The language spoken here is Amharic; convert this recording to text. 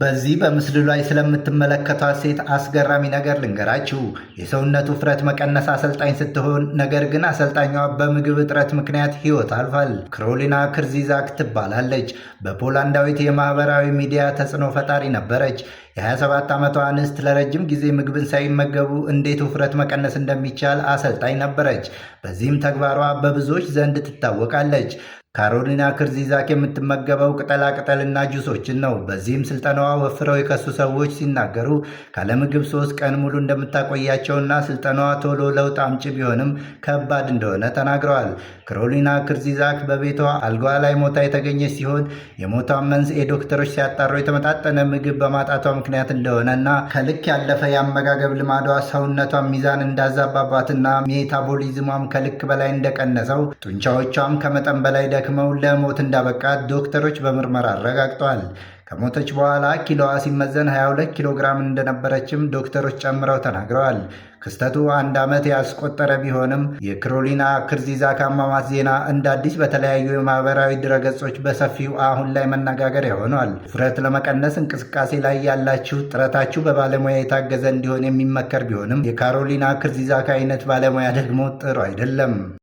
በዚህ በምስሉ ላይ ስለምትመለከቷት ሴት አስገራሚ ነገር ልንገራችሁ። የሰውነት ውፍረት መቀነስ አሰልጣኝ ስትሆን ነገር ግን አሰልጣኟ በምግብ እጥረት ምክንያት ሕይወት አልፏል። ክሮሊና ክርዚዛክ ትባላለች። በፖላንዳዊት የማህበራዊ ሚዲያ ተጽዕኖ ፈጣሪ ነበረች። የ27 ዓመቷ አንስት ለረጅም ጊዜ ምግብን ሳይመገቡ እንዴት ውፍረት መቀነስ እንደሚቻል አሰልጣኝ ነበረች። በዚህም ተግባሯ በብዙዎች ዘንድ ትታወቃለች። ካሮሊና ክርዚዛክ የምትመገበው ቅጠላ ቅጠልና ጁሶችን ነው። በዚህም ስልጠናዋ ወፍረው የከሱ ሰዎች ሲናገሩ ካለምግብ ሶስት ቀን ሙሉ እንደምታቆያቸውና ስልጠናዋ ቶሎ ለውጥ አምጪ ቢሆንም ከባድ እንደሆነ ተናግረዋል። ካሮሊና ክርዚዛክ በቤቷ አልጓ ላይ ሞታ የተገኘች ሲሆን የሞቷ መንስኤ ዶክተሮች ሲያጣሩ የተመጣጠነ ምግብ በማጣቷ ምክንያት እንደሆነ እና ከልክ ያለፈ የአመጋገብ ልማዷ ሰውነቷ ሚዛን እንዳዛባባትና ሜታቦሊዝሟም ከልክ በላይ እንደቀነሰው ጡንቻዎቿም ከመጠን በላይ ደክመው ለሞት እንዳበቃት ዶክተሮች በምርመራ አረጋግጠዋል። ከሞተች በኋላ ኪሎዋ ሲመዘን 22 ኪሎ ግራም እንደነበረችም ዶክተሮች ጨምረው ተናግረዋል። ክስተቱ አንድ ዓመት ያስቆጠረ ቢሆንም የካሮሊና ክርዚዛክ አሟሟት ዜና እንደ አዲስ በተለያዩ የማህበራዊ ድረገጾች በሰፊው አሁን ላይ መነጋገሪያ ሆኗል። ውፍረት ለመቀነስ እንቅስቃሴ ላይ ያላችሁ ጥረታችሁ በባለሙያ የታገዘ እንዲሆን የሚመከር ቢሆንም የካሮሊና ክርዚዛክ አይነት ባለሙያ ደግሞ ጥሩ አይደለም።